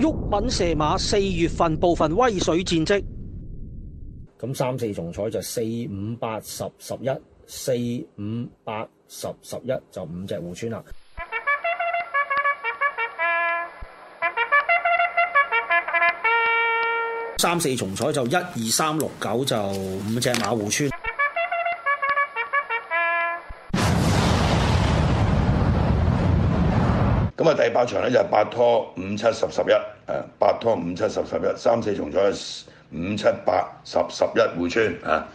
玉敏射馬四月份部分威水戰績，咁三四重彩就四五八十十一，四五八十十一就五隻戶村啦。三四重彩就一二三六九就五隻馬戶村。咁啊，第八場咧就八拖五七十十一，誒八拖五七十十一，三四重彩五七八十十一互村，啊。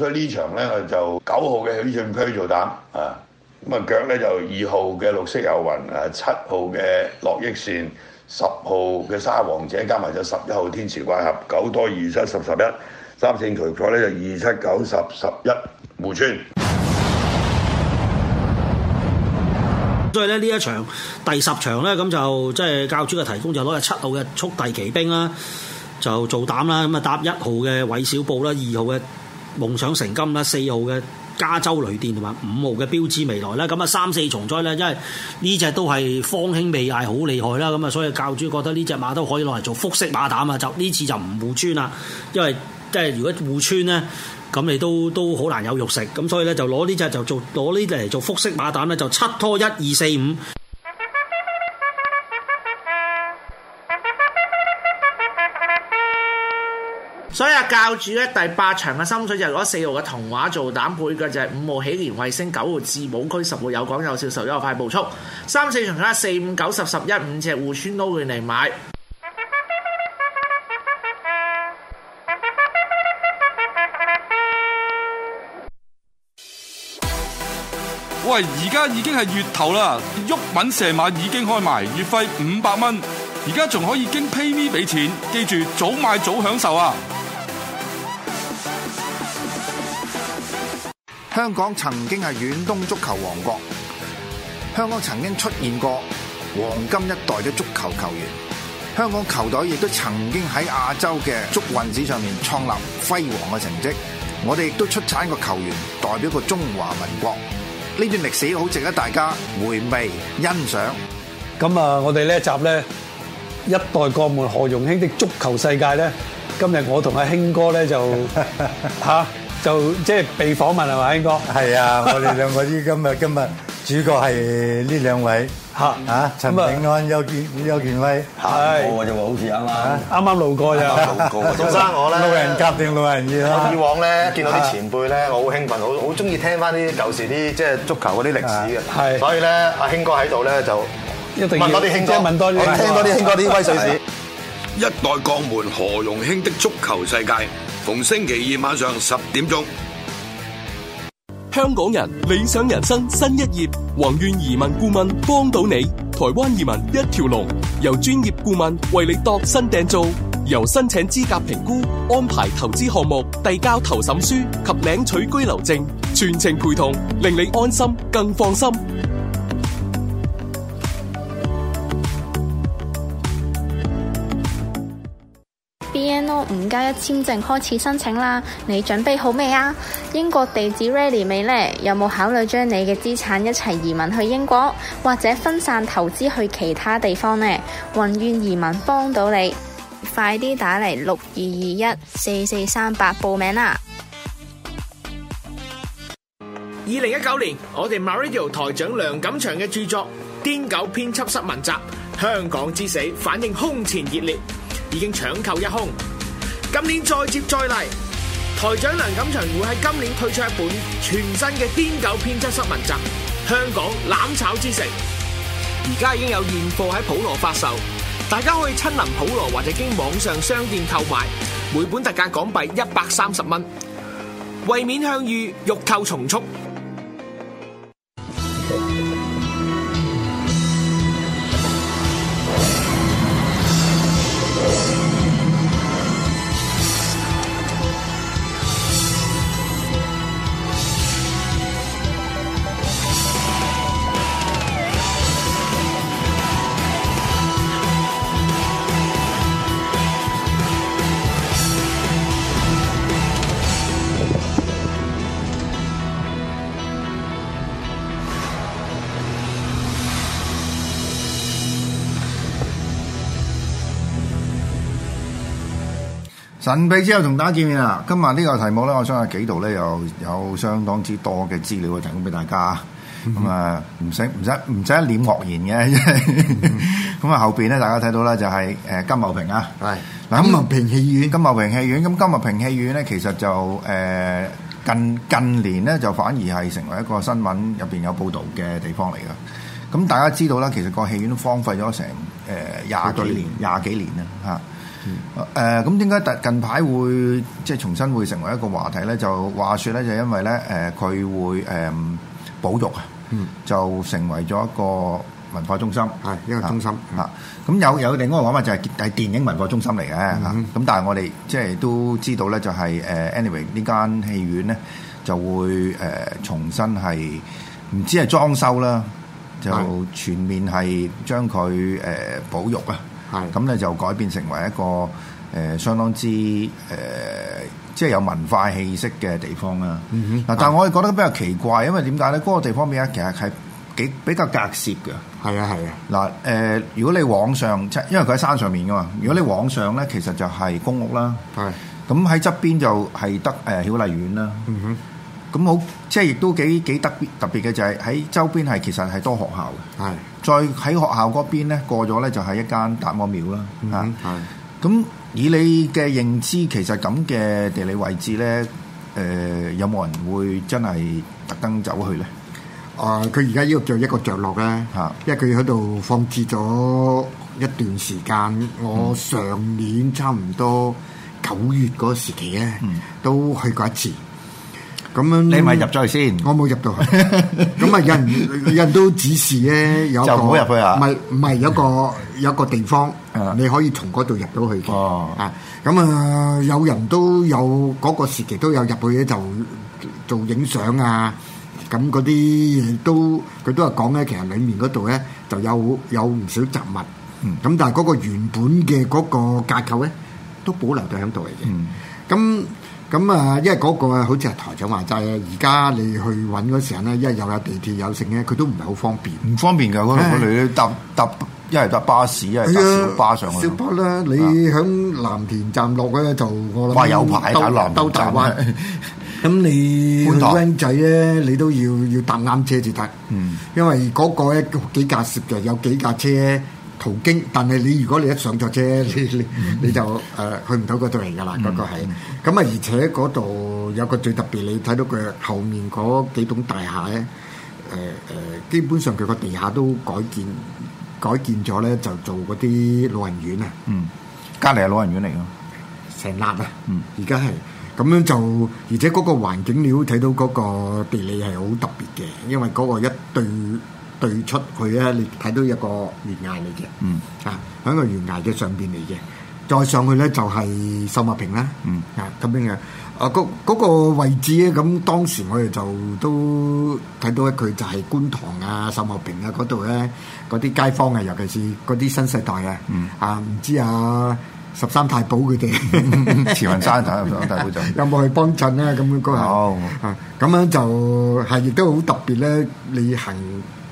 所以場呢場咧我就九號嘅喜順區做膽啊，咁啊腳咧就二號嘅綠色遊雲，誒、啊、七號嘅樂益線。十號嘅沙皇者加埋咗十一號天池怪俠九多二七十十一三線球賽呢就二七九十十一互穿。所以呢，呢一場第十場呢，咁就即係、就是、教主嘅提供就攞咗七號嘅速遞奇兵啦，就做膽啦，咁啊搭一號嘅韋小布啦，二號嘅夢想成金啦，四號嘅。加州旅店同埋五號嘅標誌，未來啦，咁啊三四重災咧，因為呢隻都係方興未艾，好厲害啦。咁啊，所以教主覺得呢隻馬都可以攞嚟做復式馬膽啊。就呢次就唔互穿啦，因為即係如果互穿咧，咁你都都好難有肉食。咁所以咧就攞呢隻就做攞呢隻嚟做復式馬膽咧，就七拖一二四五。所以啊，教主咧第八場嘅心水就係攞四號嘅童話做膽，配腳就係五號喜蓮衛星、九號自保區、十號有講有笑、十一號快步速、三四場加四五九十十一五隻戶村都會嚟買。喂，而家已經係月頭啦，鬱敏蛇馬已經開埋，月費五百蚊，而家仲可以經 PayMe 俾錢，記住早買早享受啊！香港曾經係遠東足球王國，香港曾經出現過黃金一代嘅足球球員，香港球隊亦都曾經喺亞洲嘅足運史上面創立輝煌嘅成績。我哋亦都出產個球員代表個中華民國，呢段歷史好值得大家回味欣賞。咁啊，我哋呢一集呢，一代國門何榮興的足球世界呢？今日我同阿興哥呢，就吓。就即係被逢星期二晚上十點鐘，香港人理想人生新一頁，宏願移民顧問幫到你，台灣移民一條龍，由專業顧問為你度身訂造，由申請資格評估、安排投資項目、遞交投審書及領取居留證，全程陪同，令你安心更放心。五加一簽證開始申請啦，你準備好未啊？英國地址 ready 未呢？有冇考慮將你嘅資產一齊移民去英國，或者分散投資去其他地方呢？宏遠移民幫到你，快啲打嚟六二二一四四三八報名啦！二零一九年，我哋 MyRadio 台長梁錦祥嘅著作《癲 狗編輯室文集》香港之死反應空前熱烈，已經搶購一空。今年再接再厲，台長梁錦祥會喺今年推出一本全新嘅癲狗編輯室文集《香港攬炒之城》，而家已經有現貨喺普羅發售。大家可以親臨普羅或者經網上商店購買，每本特價港幣一百三十蚊，為免向隅，欲購從速。神秘之夜同大家見面啦！今日呢個題目咧，我相信幾度咧又有相當之多嘅資料提供俾大家啊！咁啊，唔使唔使唔使一臉愕然嘅。咁啊，後邊咧大家睇到咧就係誒金茂坪啊，係嗱金茂坪戲院，金茂坪戲院，咁金茂坪戲院咧其實就誒近近年咧就反而係成為一個新聞入邊有報導嘅地方嚟噶。咁大家知道啦，其實個戲院都荒廢咗成誒廿幾年，廿幾年啦嚇。誒，咁點解特近排會即係重新會成為一個話題咧？就話說咧，就因為咧，誒，佢會誒保育啊，就成為咗一個文化中心，係一個中心啊。咁有有另外一個講法就係係電影文化中心嚟嘅。咁但係我哋即係都知道咧，就係誒，anyway 呢間戲院咧就會誒重新係唔知係裝修啦，就全面係將佢誒保育啊。係咁咧，就改變成為一個誒、呃、相當之誒、呃、即係有文化氣息嘅地方啦。嗱、嗯哼，但係我哋覺得比較奇怪，因為點解咧？嗰、那個地方邊咧其實係幾比較隔涉嘅。係啊，係啊。嗱誒、呃，如果你往上即因為佢喺山上面噶嘛，如果你往上咧，其實就係公屋啦。係的。咁喺側邊就係得誒、呃、曉麗苑啦。嗯、哼。咁好，即係亦都幾幾特別特別嘅就係、是、喺周邊係其實係多學校嘅。係是再喺學校嗰邊咧，過咗咧就係一間達摩廟啦，嚇、嗯，係咁、嗯、以你嘅認知，其實咁嘅地理位置咧，誒、呃、有冇人會真係特登走去咧？啊、呃，佢而家呢個着一個着落咧，嚇是，因為佢喺度放置咗一段時間。嗯、我上年差唔多九月嗰時期咧，嗯、都去過一次。咁樣，你咪入咗去先。我冇入到去。咁啊，人人都指示咧，有個就唔好入去啊。唔係唔係，有個有個地方，你可以從嗰度入到去嘅。啊，咁啊，有人都有嗰個時期都有入去咧，就做影相啊。咁嗰啲都佢都係講咧，其實裡面嗰度咧就有有唔少雜物。嗯。咁但係嗰個原本嘅嗰個架構咧，都保留到喺度嚟嘅。嗯。咁。咁啊、那個，因為嗰個啊，好似係台長話齋啊，而家你去揾嗰陣咧，因係又有地鐵有，有剩咧，佢都唔係好方便。唔方便噶，我我嚟搭搭，一係搭巴士，一係搭小巴上去。小巴啦，你響藍田站落咧就我諗。有排兜兜大灣。咁你、 嗯嗯、去灣仔咧，你都要要搭啱車至得。嗯。因為嗰個咧幾架攝嘅，有幾架車。途經，但係你如果你一上咗車，你你你就誒、呃、去唔到嗰度嚟㗎啦，嗰、嗯、個係。咁啊，而且嗰度有個最特別，你睇到佢後面嗰幾棟大廈咧，誒、呃、誒，基本上佢個地下都改建改建咗咧，就做嗰啲老人院啊。嗯，隔籬係老人院嚟㗎。成立啊，而家係咁樣就，而且嗰個環境你都睇到嗰個地理係好特別嘅，因為嗰個一對，對出佢咧，你睇到一個懸崖嚟嘅，啊喺個懸崖嘅上邊嚟嘅，再上去咧就係秀茂坪啦，啊咁樣嘅，啊嗰嗰個位置咧，咁當時我哋就都睇到咧，佢就係觀塘啊、秀茂坪啊嗰度咧，嗰啲街坊啊，尤其是嗰啲新世代啊，啊唔知啊十三太保佢哋、 啊，慈雲山太 有冇去幫襯咧？咁樣嗰啊咁樣就係亦都好特別咧，你行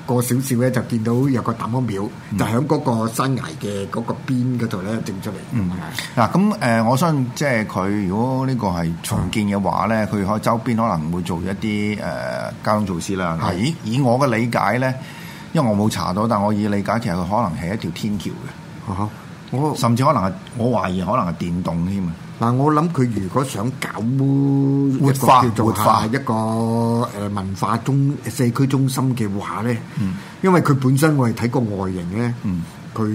過少少咧，就見到有個膽光廟，嗯、就喺嗰個山崖嘅嗰個邊嗰度咧，整出嚟。嗱咁誒，我相信即係佢如果呢個係重建嘅話咧，佢可喺周邊可能會做一啲誒、呃、交通措施啦。係是以以我嘅理解咧，因為我冇查到，但我以理解其實佢可能係一條天橋嘅、嗯，我甚至可能係我懷疑可能係電動添啊！嗱，我諗佢如果想搞一個叫做下一個誒文化中社區中心嘅話咧，因為佢本身我係睇個外形咧，佢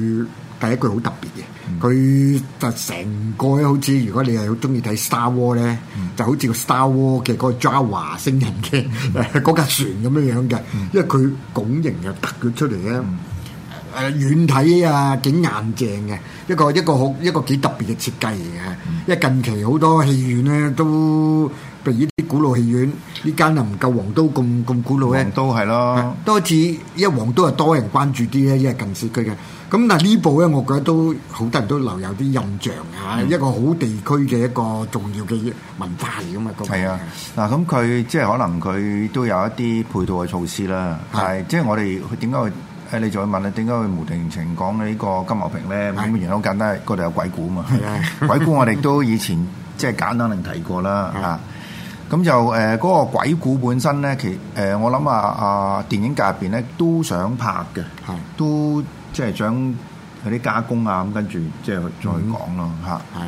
第一句好特別嘅，佢就成個咧好似如果你係好中意睇 Star War 咧，就好似個 Star War 嘅個 Java 星人嘅嗰架船咁樣樣嘅，因為佢拱形又凸出嚟咧。誒遠睇啊，景硬淨嘅一個一個好一個幾特別嘅設計嚟嘅，因為近期好多戲院咧都，譬如啲古老戲院，呢間又唔夠皇都咁咁古老咧。皇都係咯，都似因為皇都係多人關注啲咧，因為近市區嘅。咁但係呢部咧，我覺得都好多人都留有啲印象啊，一個好地區嘅一個重要嘅文化嚟噶嘛。係啊，嗱咁佢即係可能佢都有一啲配套嘅措施啦，係即係我哋點解去？誒，你再問咧，點解佢無定情講呢個金茂坪咧？咁原因好簡單，嗰度有鬼故啊嘛。係啊，鬼故我哋都以前即係簡單嚟提過啦嚇。咁就誒嗰個鬼故本身咧，其誒我諗啊啊電影界入邊咧都想拍嘅，都即係想有啲加工啊咁，跟住即係去再講咯嚇。係。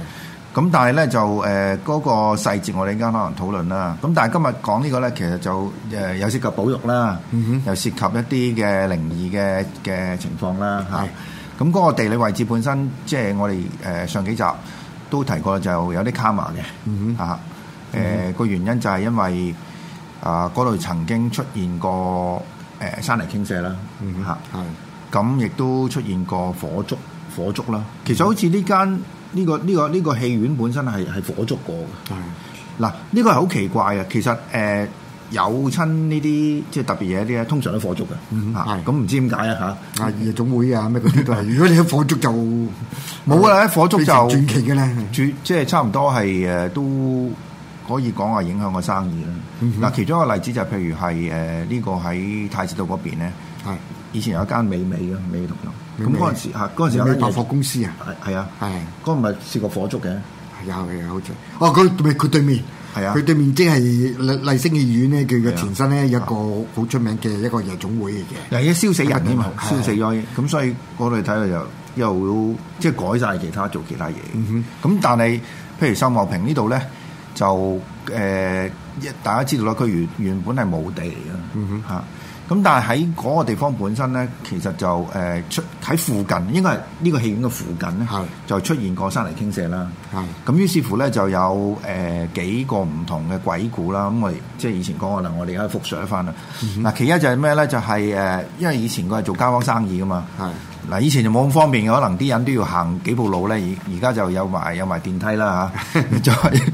咁但係咧就誒嗰、呃那個細節，我哋依家可能討論啦。咁但係今日講呢個咧，其實就誒、呃、有涉及保育啦，嗯、哼又涉及一啲嘅靈異嘅嘅情況啦嚇。咁嗰是、那個地理位置本身，即係我哋誒、呃、上幾集都提過，就有啲卡麻嘅嚇。誒個原因就係因為啊嗰度曾經出現過誒、呃、山泥傾瀉啦嚇，咁亦、嗯、哼是都出現過火燭火燭啦。其實好似呢間。嗯呢個呢個呢個戲院本身係係火燭過嘅，嗱呢個係好奇怪啊。其實誒有親呢啲即係特別嘢啲咧，通常都火燭嘅，咁唔知點解啊嚇？夜總會啊咩嗰啲都係。如果你火燭就冇啦，火燭就傳奇嘅咧，傳即係差唔多係誒都可以講話影響個生意啦。嗱，其中一個例子就係譬如係誒呢個喺太子道嗰邊咧，以前有一間美美嘅美味同。咁嗰陣時嚇，嗰時有啲百貨公司啊，係啊日，係嗰個唔係試過火燭嘅，係有嘅，好似的的。哦，佢咪對面係啊，佢的對面即係麗星嘅院咧，佢嘅前身咧有個好出名嘅一個夜總會嚟嘅，又要燒死人㗎嘛，燒死咗，咁的所以我哋睇嚟又又會即係改晒其他做其他嘢，咁、嗯、哼，但係譬如三茂坪呢度咧就誒、呃、大家知道啦，佢原原本係冇地嚟嘅，嚇、嗯。咁但係喺嗰個地方本身咧，其實就誒、呃、出喺附近，應該係呢個戲院嘅附近咧，是就出現過山泥傾瀉啦。咁是於是乎咧，就有誒、呃、幾個唔同嘅鬼故啦。咁我哋即係以前講可能我哋而家復述一翻啦。嗱、嗯哼，其一就係咩咧？就係、是、誒、呃，因為以前佢係做交房生意嘅嘛。嗱是，以前就冇咁方便嘅，可能啲人都要行幾步路咧。而而家就有埋有埋電梯啦嚇。就、啊、係。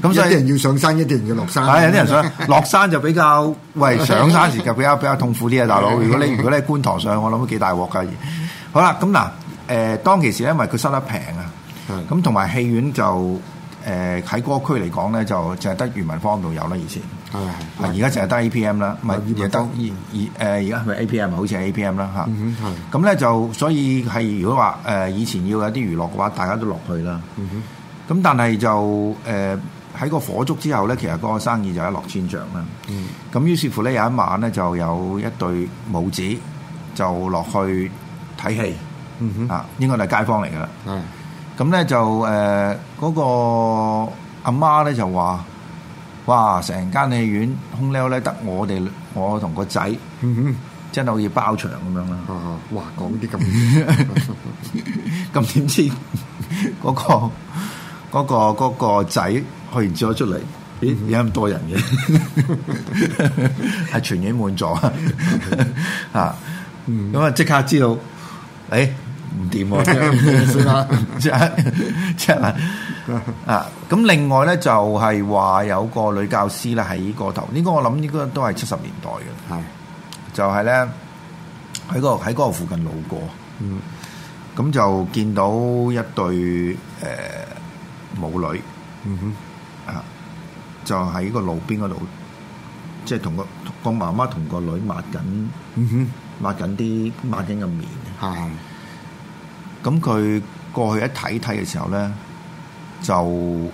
咁所以啲人要上山，一定要落山。係有啲人想落山就比較，喂上山時就比較比較痛苦啲啊，大佬。如果你如果你喺觀塘上去，我諗都幾大鑊噶。好啦，咁嗱，誒，當其時咧，因為佢收得平啊，咁同埋戲院就誒喺個區嚟講咧，就淨係得裕民坊度有啦，以前而家就係得 A P M 啦，唔係亦而誒而家咪 A P M，好似係 A P M 啦吓。咁咧就所以係如果話誒以前要有啲娛樂嘅話，大家都落去啦。咁但係就誒喺個火燭之後咧，其實嗰個生意就一落千丈啦。咁於是乎咧，有一晚咧，就有一對母子就落去睇戲，啊應該都係街坊嚟噶啦。咁咧就誒嗰個阿媽咧就話：哇！成間戲院空撩空溜咧，得我哋我同個仔，真係好似包場咁樣啦。哇！講啲咁，咁點知嗰個？嗰個嗰個仔去完咗出嚟，咦？有咁多人嘅，係全院滿座啊！啊，咁啊即刻知道，哎，唔掂喎！即係即係啊！咁另外咧就係話有個女教師咧喺個頭，呢個我諗應該都係七十年代嘅，係就係咧喺個喺嗰個附近路過，嗯，咁就見到一對誒。母女，嗯哼，啊，就喺個路邊嗰度，即係同個個媽媽同個女抹緊，嗯哼，抹緊啲抹緊嘅面。係，咁佢過去一睇睇嘅時候咧，就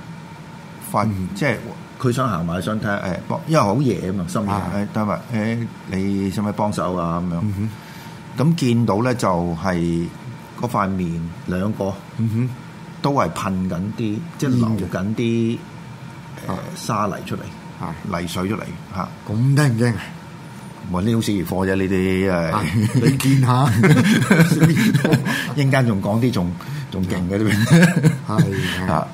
發現，即係佢想行埋，想睇下，誒，因為好夜啊嘛，深夜，誒，得咪，誒，你使唔使幫手啊？咁樣，咁見到咧就係嗰塊面兩個，嗯哼。都係噴緊啲，即係流緊啲誒沙泥出嚟，泥水出嚟嚇。咁驚唔驚啊？唔係啲好小兒科啫，呢啲誒，你見下，一陣間仲講啲仲仲勁嘅呢？係啊，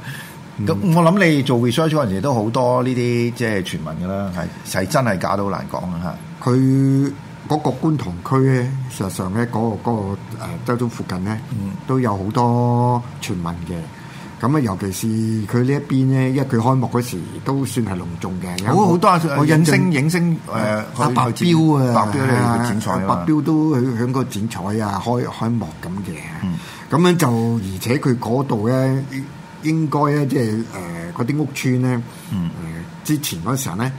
咁我諗你做 research 嗰陣時都好多呢啲即係傳聞㗎啦，係係真係假都好難講啊嚇佢。嗰個觀塘區咧，事實上咧，嗰、嗰個嗰周中附近咧，都有好多傳聞嘅。咁啊，尤其是佢呢一邊咧，因為佢開幕嗰時都算係隆重嘅。有好，好多我影星、影星誒，白、呃、標啊，白標咧去剪彩，白標都去響嗰個剪彩啊，開開幕咁嘅。咁、嗯、樣就而且佢嗰度咧，應該咧，即係誒嗰啲屋村咧，誒之前嗰陣時咧，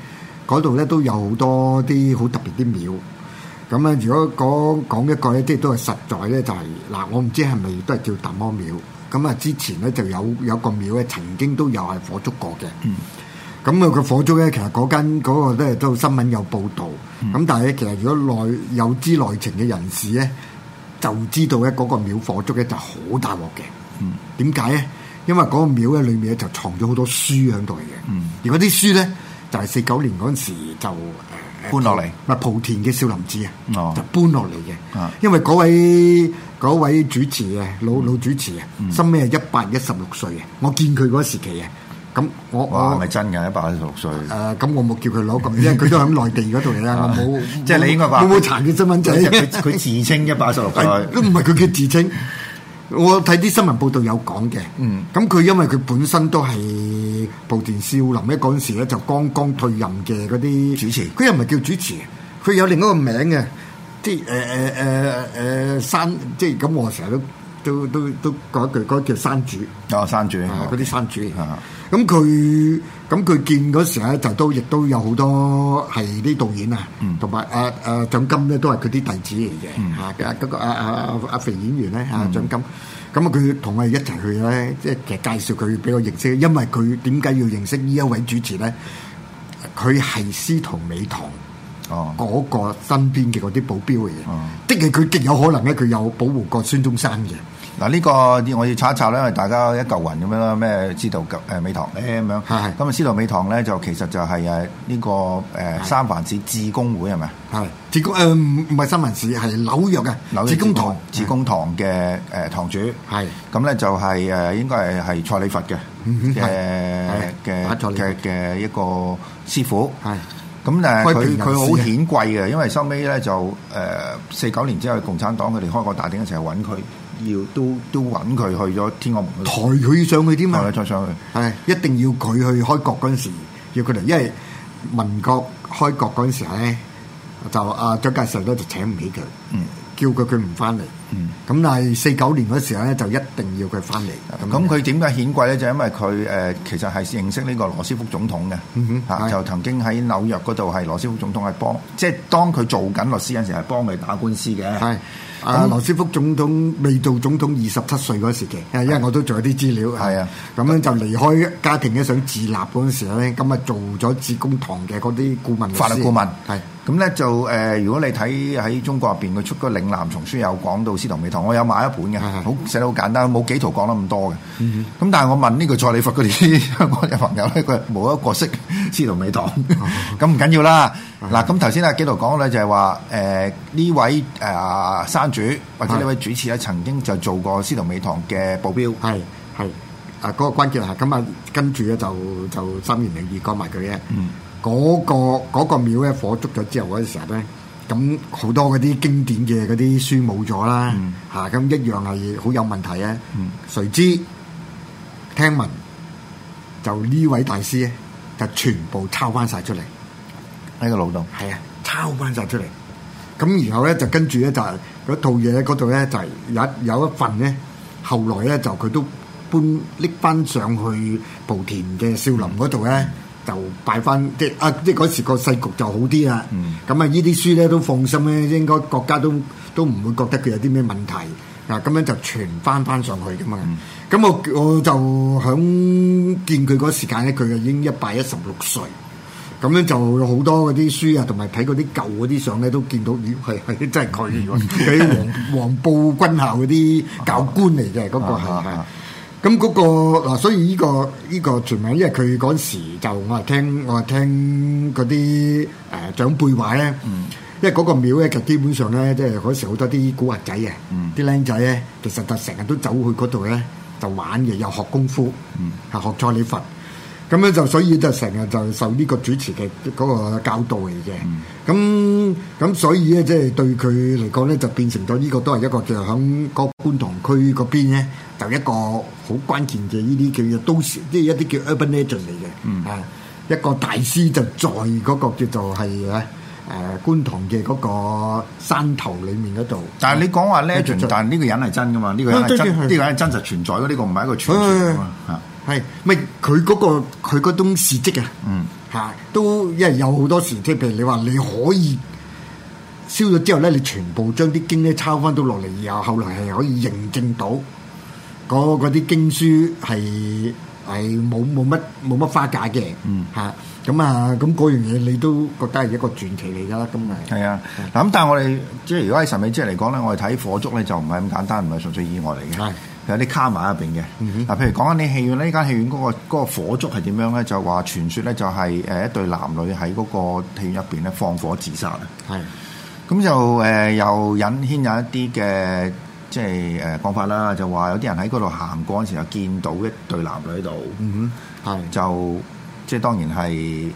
嗰度咧都有好多啲好特別啲廟。咁啊，如果講講一個咧，即係都係實在咧，就係、是、嗱，我唔知係咪都係叫大摩廟。咁啊，之前咧就有有一個廟咧，曾經都有係火燭過嘅。嗯。咁啊，個火燭咧，其實嗰間嗰個咧都新聞有報導。咁、嗯、但係咧，其實如果內有知內情嘅人士咧，就知道咧嗰個廟火燭咧就好大鑊嘅。嗯。點解咧？因為嗰個廟咧裡面咧就藏咗好多書喺度嘅。嗯。而嗰啲書咧就係四九年嗰陣時就搬落嚟，唔莆田嘅少林寺啊，就、哦、搬落嚟嘅。因為嗰位位主持啊，老老主持啊，心尾係一百一十六歲啊。我見佢嗰時期啊，咁我我係咪真嘅一百一十六歲？啊、呃。咁我冇叫佢攞，咁 因為佢都喺內地嗰度嚟啦。 我冇，即係你應該話。佢冇查佢身份證，佢自稱一百一十六歲，都唔係佢嘅自稱，我睇啲新聞報道有講嘅，咁佢因為佢本身都係莆田少林咧，嗰陣時咧就剛剛退任嘅嗰啲主持，佢又唔係叫主持，佢有另一個名嘅，即係誒誒誒誒山，即係咁我成日都。都都都講一句，嗰叫山主。有山主，嗰啲山主。咁佢咁佢見嗰時咧，就都亦都有好多係啲導演啊，同埋阿阿蔣金咧都係佢啲弟子嚟嘅嚇。嗰個阿阿阿阿肥演員咧嚇蔣金，咁啊佢同我哋一齊去咧，即係介紹佢俾我認識。因為佢點解要認識呢一位主持咧？佢係司徒美堂。哦，嗰個身邊嘅嗰啲保鏢嚟嘅，即係佢極有可能咧，佢有保護過孫中山嘅。嗱，呢個我要查一查啦，大家一嚿雲咁樣啦，咩司徒及美堂咧咁樣。係咁啊，司徒美堂咧就其實就係誒呢個誒三藩市致公會係咪？係。致公誒唔唔係三藩市係紐約嘅致公堂，致公堂嘅誒堂主。係。咁咧就係誒應該係係蔡李佛嘅嘅嘅嘅一個師傅。係。咁誒，佢佢好顯貴嘅，因為收尾咧就誒四九年之後，共產黨佢哋開個大典嘅時候揾佢，要都都揾佢去咗天安門。抬佢上去添啊！抬佢再上去，係一定要佢去開國嗰陣時，要佢嚟，因為民國開國嗰陣時咧就阿蔣介石都就請唔起佢。嗯。叫佢佢唔翻嚟，咁、嗯、但係四九年嗰時候咧就一定要佢翻嚟。咁佢點解顯貴咧？就因為佢誒、呃、其實係認識呢個羅斯福總統嘅，嚇就曾經喺紐約嗰度係羅斯福總統係幫，即、就、係、是、當佢做緊律師嗰陣時係幫佢打官司嘅。啊，羅斯福總統未做總統二十七歲嗰時期，因為我都做咗啲資料，係啊的，咁樣就離開家庭嘅想自立嗰陣時候咧，咁啊做咗致公堂嘅嗰啲顧問，法律顧問係，咁咧的就誒、呃，如果你睇喺中國入邊，佢出個《嶺南叢書》有講到司徒美堂，我有買一本嘅，好的寫得好簡單，冇幾圖講得咁多嘅，咁、嗯、哼但係我問呢個蔡理佛嗰啲， 我有朋友咧，佢冇一個識司徒美堂，咁唔、哦、 緊要啦。嗱，咁頭先阿紀陶講咧就係話，誒、呃、呢位誒、呃、山主或者呢位主持咧的曾經就做過司徒美堂嘅保鏢，係係啊嗰個關鍵係咁啊，跟住咧就就三年零二講埋佢嘅，嗯，嗰、那個那個廟咧火燭咗之後嗰陣、那個、時咧，咁好多嗰啲經典嘅嗰啲書冇咗啦，嚇、嗯，咁、啊、一樣係好有問題啊，誰、嗯、知聽聞就呢位大師咧就全部抄翻晒出嚟。喺個腦洞，係啊，抄翻晒出嚟，咁然後咧就跟住咧就嗰套嘢嗰度咧就有一有一份咧，後來咧就佢都搬拎翻上去莆田嘅少林嗰度咧，就擺翻即係啊，即係嗰時個勢局就好啲啦。咁啊、嗯，這這呢啲書咧都放心咧，應該國家都都唔會覺得佢有啲咩問題啊，咁樣就傳翻翻上去噶嘛。咁、嗯、我我就響見佢嗰時間咧，佢就已經一百一十六歲。咁樣就有好多嗰啲書啊，同埋睇嗰啲舊嗰啲相咧，都見到，係、哎、係真係佢。如果黃黃埔軍校嗰啲教官嚟嘅，嗰、 那個係啊。咁、那、嗰個嗱，所以呢、這個依、這個傳聞，因為佢嗰時就我係聽我係聽嗰啲誒長輩話咧。嗯、因為嗰個廟咧就基本上咧，即係嗰時好多啲古惑仔啊，啲僆仔咧就實質成日都走去嗰度咧就玩嘅，又學功夫，係、嗯、學蔡李佛。咁咧就所以就成日就受呢個主持嘅嗰個教導嚟嘅。咁咁、嗯、所以咧，即係對佢嚟講咧，就變成咗呢個都係一個就喺個觀塘區嗰邊咧，就一個好關鍵嘅呢啲叫做都市，即係一啲叫 urban legend 嚟嘅。啊、嗯，一個大師就在嗰個叫做係咧誒觀塘嘅嗰個山頭裏面嗰度。但係你講話 legend，但呢個人係真噶嘛？呢、呢個人係真，呢、嗯、個人真實存在嘅。呢、嗯、個唔係一個傳説啊。係咪佢嗰個佢嗰種事跡啊？跡嗯，吓都因為有好多時，即係譬如你話你可以燒咗之後咧，你全部將啲經咧抄翻到落嚟，以後後來係可以認證到嗰啲經書係係冇冇乜冇乜花假嘅。嗯，吓咁啊，咁嗰樣嘢你都覺得係一個傳奇嚟噶啦，咁啊係啊。嗱咁是但係我哋即係如果喺神秘即係嚟講咧，我哋睇火燭咧就唔係咁簡單，唔係純粹意外嚟嘅。係。有啲卡埋入邊嘅，嗱、嗯哼，譬如講下你戲院呢依間戲院嗰、嗰個嗰個火燭係點樣咧？就話傳說咧，就係誒一對男女喺嗰個戲院入邊咧放火自殺啊！係是，咁就誒、呃、又引牽有一啲嘅即係誒講法啦，就話、是呃、有啲人喺嗰度行過嘅時候見到一對男女喺度，嗯哼，是就即係當然係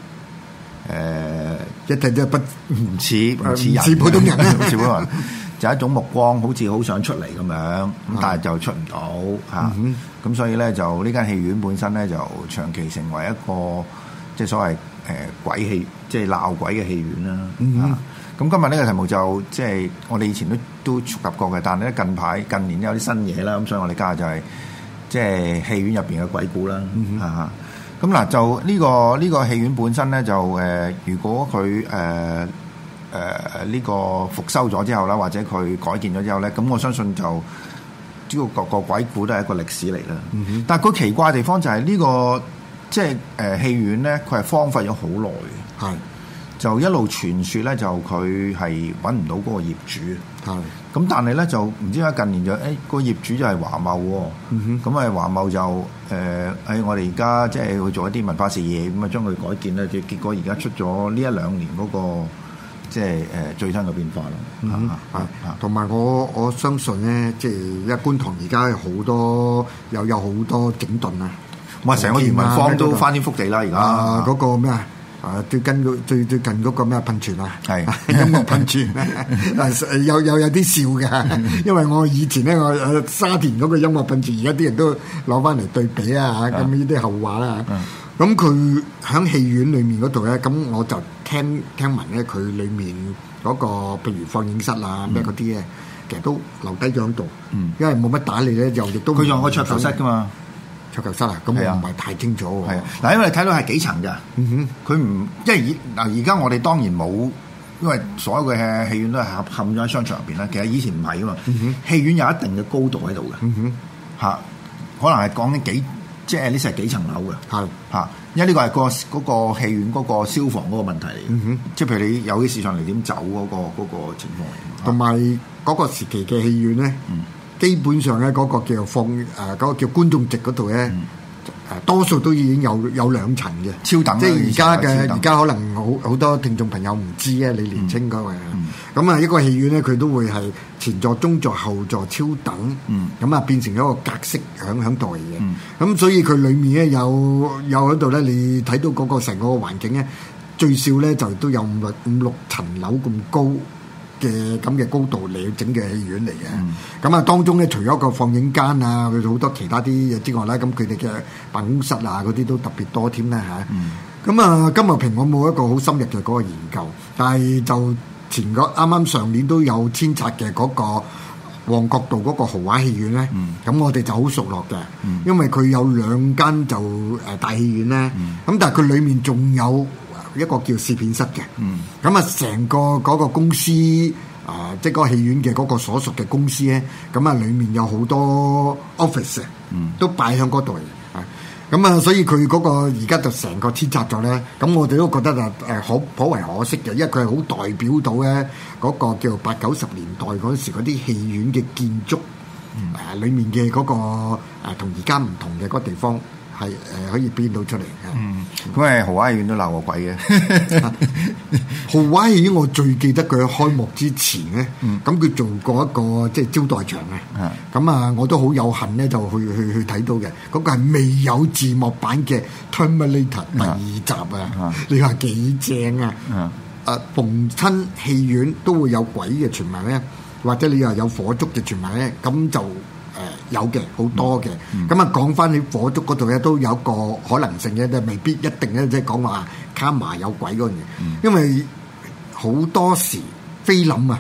誒一定都不唔似唔似普通人，唔似普通人。有一種目光，好似好想出嚟咁樣，咁但係就出唔到嚇。咁所以咧，就呢間戲院本身咧，就長期成為一個即係所謂誒鬼戲，即係鬧鬼嘅戲院啦。咁今日呢個題目就即係我哋以前都都觸及過嘅，但係咧近排近年都有啲新嘢啦，咁所以我哋家下就係即係戲院入邊嘅鬼故啦。咁嗱，就呢個呢個戲院本身咧，就誒，如果佢誒。誒呢、呃這個復修咗之後啦，或者佢改建咗之後咧，咁我相信就主要、這個、這個鬼故都係一個歷史嚟啦。嗯、哼但係個奇怪嘅地方就係呢、這個即係誒、呃、戲院咧，佢係荒廢咗好耐嘅。係是，就一路傳説咧，就佢係揾唔到嗰個業主。係是，咁但係咧就唔知點解近年就誒、哎那個業主就係華茂。嗯哼，咁啊華茂就誒喺、呃哎、我哋而家即係去做一啲文化事業，咁啊將佢改建啦，結結果而家出咗呢一兩年嗰、那個。即係誒最新嘅變化咯，同埋、嗯啊、我我相信咧，即係一觀塘而家好多又有好多整頓啊！我話成個移民方、啊啊、都翻天覆地啦，而家嗰個咩啊？誒、啊啊，最近最最近嗰個咩噴泉啊？係是 音樂噴泉，有有有啲笑嘅，因為我以前咧，我沙田嗰個音樂噴泉，而家啲人都攞翻嚟對比啊，咁呢啲後話啦。 咁佢喺戲院裏面嗰度咧，咁我就聽聽聞咧，佢裏面嗰、嗰個譬如放映室啊咩嗰啲咧，其實都留低咗喺度，因為冇乜打理咧，就亦都佢用個桌球室噶嘛，桌球室啊，咁我唔係太清楚喎。嗱，因為你睇到係幾層㗎，佢唔即係嗱而家我哋當然冇，因為所有嘅戲院都係陷咗喺商場入邊啦。其實以前唔係㗎嘛，嗯、哼戲院有一定嘅高度喺度嘅，嚇、嗯哼，可能係講緊幾。即係呢，實係幾層樓嘅，係嚇，因為呢個係、嗰個嗰、嗰個戲院嗰個消防嗰個問題、嗯、哼，即係譬如你有啲市場嚟點走嗰、嗰個嗰個情況。同埋嗰個時期嘅戲院咧，嗯、基本上咧嗰個叫放誒嗰、呃嗰個、叫觀眾席嗰度咧。嗯多數都已經有有兩層嘅超等，即係而家嘅而家可能好好多聽眾朋友唔知咧，嗯、你年青嗰位，咁啊、嗯、一個戲院咧，佢都會係前座、中座、後座超等，咁啊、嗯、變成一個格式響響度嚟嘅，咁、嗯、所以佢裡面咧有有喺度咧，你睇到嗰個成個環境咧，最少咧就都有五六五六層樓咁高。嘅咁嘅高度嚟整嘅戲院嚟嘅，咁啊當中咧除咗個放映間啊，佢好多其他啲嘢之外咧，咁佢哋嘅辦公室啊嗰啲都特別多添咧嚇。咁啊今日平我冇一個好深入嘅嗰個研究，但係就前個啱啱上年都有遷拆嘅嗰個旺角道嗰個豪華戲院咧，咁我哋就好熟落嘅，因為佢有兩間就誒大戲院咧，咁但係佢裡面仲有，一個叫試片室嘅，咁啊、嗯，成個嗰個公司啊，即係嗰個戲院嘅嗰個所屬嘅公司咧，咁啊，裡面有好多 office，嗯、都擺喺嗰度嘅，咁啊，所以佢嗰個而家就成個遷拆咗咧，咁、啊、我哋都覺得啊，誒可，頗為可惜嘅，因為佢係好代表到咧嗰個叫做八九十年代嗰陣時嗰啲戲院嘅建築，誒、嗯、裡面嘅嗰、嗰個、啊、同而家唔同嘅嗰個地方。係誒、呃、可以表現到出嚟嘅，咁係、嗯、豪華戲院都鬧過鬼嘅。 豪華戲院我最記得佢開幕之前咧，咁佢、嗯、做過一個即係招待場啊，咁、嗯、啊我都好有幸咧就去去去睇到嘅。嗰、那個係未有字幕版嘅《Terminator》第二集啊，嗯嗯、你話幾正啊？嗯、啊，逢親戲院都會有鬼嘅傳聞咧，或者你話有火燭嘅傳聞咧，咁就。誒有嘅，好多嘅。咁啊，講翻你火燭嗰度咧，都有一個可能性嘅，即係未必一定咧，即係講話卡埋有鬼嗰樣嘢。因為好多時菲林啊，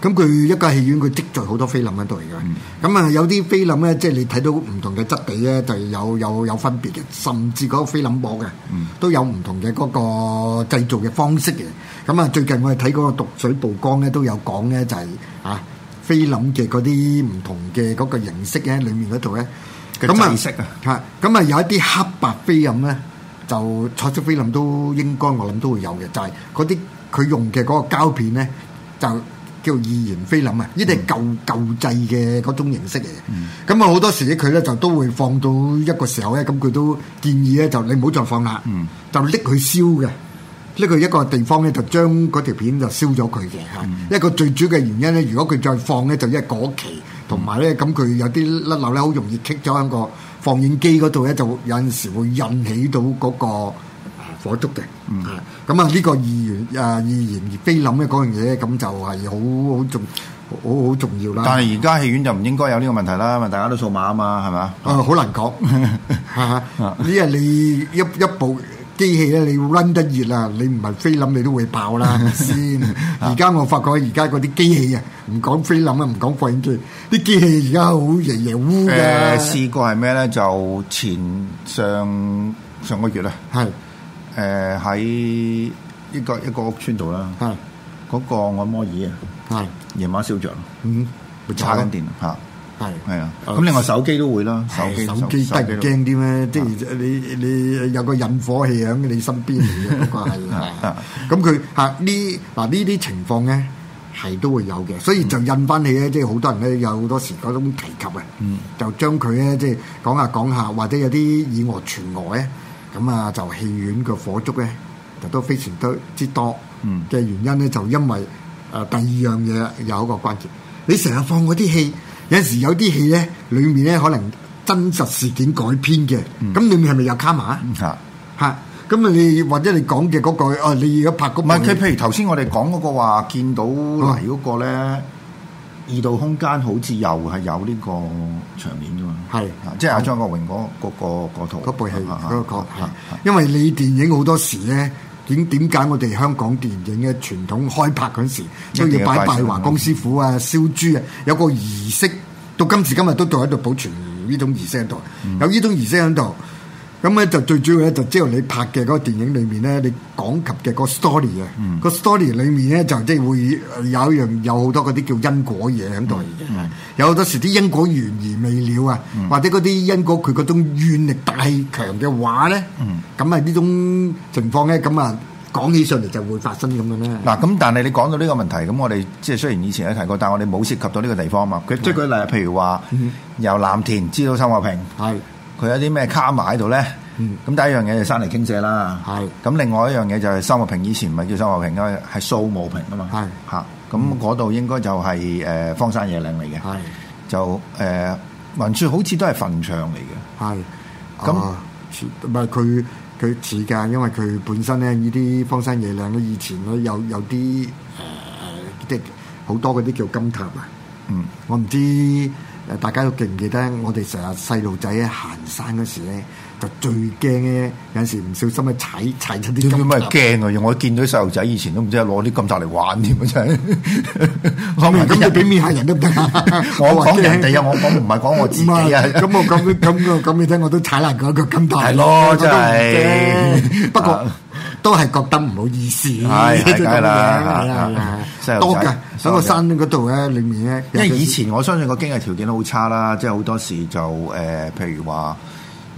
咁佢一家戲院佢積聚好多菲林喺度嚟嘅。咁啊，有啲菲林咧，即係你睇到唔同嘅質地咧，就有有有分別嘅。甚至嗰個菲林膜嘅，都有唔同嘅嗰個製造嘅方式嘅。咁啊，最近我哋睇嗰個毒水曝光咧，都有講咧，就係啊。菲林嘅嗰啲唔同嘅嗰個形式咧，裏面嗰度咧，咁啊，嚇，咁啊有一啲黑白菲林咧，就彩色菲林都應該我諗都會有嘅，就係嗰啲佢用嘅嗰個膠片咧，就叫易燃菲林啊，呢啲係舊舊製嘅嗰種形式嚟嘅。咁啊好多時咧佢咧就都會放到一個時候咧，咁佢都建議咧就你唔好再放啦，就搦佢燒嘅。呢個一個地方咧，就將嗰條片就燒咗佢嘅嚇。一個最主要嘅原因咧，如果佢再放咧，就因為過期，同埋咧咁佢有啲甩漏咧，好容易棘咗喺個放映機嗰度咧，就有陣時會引起到嗰個火燭嘅嚇。咁啊，呢個易燃啊易燃而非諗嘅嗰樣嘢，咁就係好好重好好重要啦。但係而家戲院就唔應該有呢個問題啦，因為大家都數碼啊嘛，係咪？啊，好難講嚇，因為你一一部，機器咧，你要 run 得熱啦，你唔係菲林你都會爆啦，係咪先？而家我發覺而家嗰啲機器啊，唔講菲林啊，唔講火影劇，啲機器而家好油油污嘅。誒，試過係咩咧？就前上上個月啦，係誒喺一個一個屋村度啦，嗰個按摩椅啊，夜晚燒着，嗯，會插緊電吓。係係啊，咁另外手機都會啦，手機手機都驚啲咩？即係你你有個引火器喺你身邊，咁佢嚇呢，嗱呢啲情況咧係都會有嘅，所以就引翻起咧，即係好多人咧有好多時嗰種提及啊，就將佢咧即係講下講下，或者有啲以訛傳訛咧，咁啊就戲院嘅火燭咧就都非常多之多嘅原因咧，就因為誒第二樣嘢有一個關鍵，你成日放嗰啲戲。有時有啲戲咧，裡面咧可能真實事件改編嘅，咁、嗯、裡面係咪有卡碼啊？咁啊是你或者你講嘅嗰句啊，你而家拍嗰部唔係譬如頭先我哋講嗰個話見到嚟嗰個咧，二度空間好似又係有呢個場面㗎嘛，係是，即係張國榮嗰個個個套嗰部戲嗰個，是因為你電影好多時咧。點點解我哋香港電影嘅傳統開拍嗰時都要拜拜華光師傅啊、燒豬啊，有個儀式，到今時今日都仲喺度保存呢種儀式喺度，嗯、有呢種儀式喺度。咁咧就最主要咧，就即係你拍嘅嗰個電影裏面咧，你講及嘅個 story 啊，個 story 裏面咧就即係會有一樣有好多嗰啲叫因果嘢喺度嘅。有好多時啲因果懸而未了啊，或者嗰啲因果佢嗰種怨力太強嘅話咧，咁係呢種情況咧，咁啊講起上嚟就會發生咁樣咧。嗱，咁但係你講到呢個問題，咁我哋即係雖然以前有提過，但係我哋冇涉及到呢個地方啊嘛。佢即係舉例，譬如話由藍田知道三華平係。佢有啲咩卡埋喺度咧？咁第一樣嘢就山泥傾瀉啦。咁另外一樣嘢就係秀茂坪，以前唔係叫秀茂坪啊，係掃墓坪啊嘛。嚇！咁嗰度應該就係誒荒山野嶺嚟嘅。就誒，雲村好似都係墳場嚟嘅。咁唔係佢佢似㗎，因為佢本身咧呢啲荒山野嶺咧，以前咧有有啲誒誒，即係好多嗰啲叫金塔啊。嗯，我唔知。大家都記唔記得？我哋成日細路仔行山嗰時咧，就最驚咧，有時唔小心咧，踩踩出啲咁點解咪驚啊？我見到啲細路仔以前都唔知攞啲金塔嚟玩添啊！真係，我話咁俾面客人都唔得。我講人哋有，我講唔係講我自己，啊。咁我咁咁嘅咁你聽，我都踩爛過一個金塔。係咯的，真係。不過。Uh 都係覺得唔好意思，都得嘅，多嘅。所以個山嗰度咧，裡面咧，因為以前我相信個經濟條件都好差啦，即係好多時就誒、呃，譬如話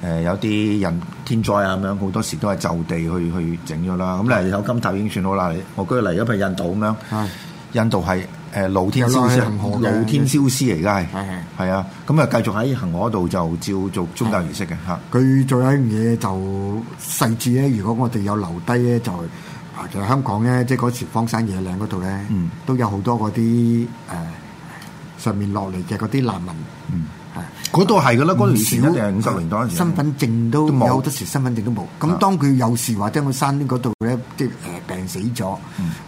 誒、呃、有啲人天災啊咁樣，好多時都係就地去去整咗啦。咁嚟有金塔已經算好啦。我舉例咗譬如印度咁樣，的印度係。誒，露天燒屍，露天燒屍嚟㗎，係係係啊！咁啊，繼續喺恆河度就照做宗教儀式嘅嚇。佢仲有一樣嘢就細緻咧，如果我哋有留低咧，就係香港咧，即係嗰時荒山野嶺嗰度咧，都有好多嗰啲誒上面落嚟嘅嗰啲難民，係嗰度係㗎啦。嗰陣時一定係五十年代嗰陣時，身份證都有好多時身份證都冇。咁當佢有時或者佢山嗰度咧。即係病死咗，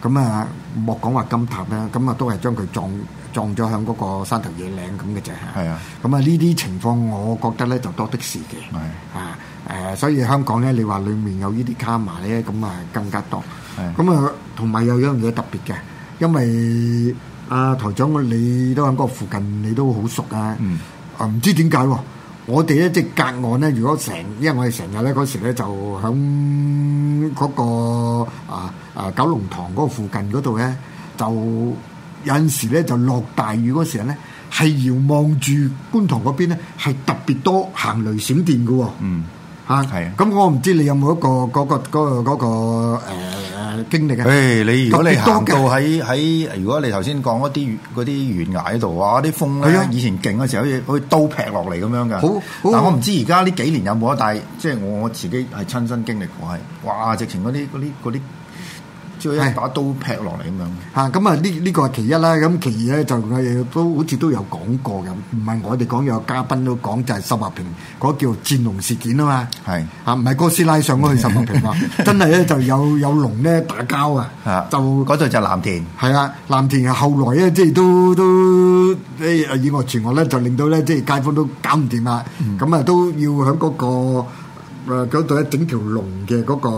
咁啊莫講話金塔啦，咁啊都係將佢撞撞咗喺嗰個山頭野嶺咁嘅啫嚇。是啊，咁啊呢啲情況，我覺得咧就多的士嘅。係是啊，啊，誒所以香港咧，你話裡面有呢啲卡埋咧，咁啊更加多。係咁是啊，同埋有樣嘢特別嘅，因為阿、啊、台長，你都喺嗰附近，你都好熟、嗯、啊。嗯。啊，唔知點解喎？我哋咧即隔岸咧，如果成，因為我哋成日咧嗰時咧就響嗰個啊啊九龍塘嗰個附近嗰度咧，就有陣時咧就落大雨嗰時咧，係遙望住觀塘嗰邊咧，係特別多行雷閃電嘅喎。嗯，嚇，係啊、嗰個。咁我唔知你有冇一個嗰個嗰個嗰個、呃經歷嘅，唉、欸，你如果你行到喺喺，如果你頭先講啲嗰啲懸崖喺度，哇，啲風咧的以前勁嘅時候好似好似刀劈落嚟咁樣噶，好好但係我唔知而家呢幾年有冇啊？但係即係我，我自己係親身經歷過係，哇！直情嗰啲嗰啲嗰啲。係一把刀劈落嚟咁樣。嚇，咁啊呢呢個係其一啦，咁其二咧就我哋都好似都有講過嘅，唔係我哋講，有嘉賓都講就係十八坪嗰叫戰龍事件啊嘛。係嚇，唔係哥斯拉上嗰去十八坪啊，真係咧就有有龍咧打交啊。嚇，就嗰陣就藍田。係啊，藍田後來咧即係都都誒意外傳話咧，就令到咧即係街坊都搞唔掂啦。咁啊都要響嗰個。嗰度咧整條龍嘅嗰個，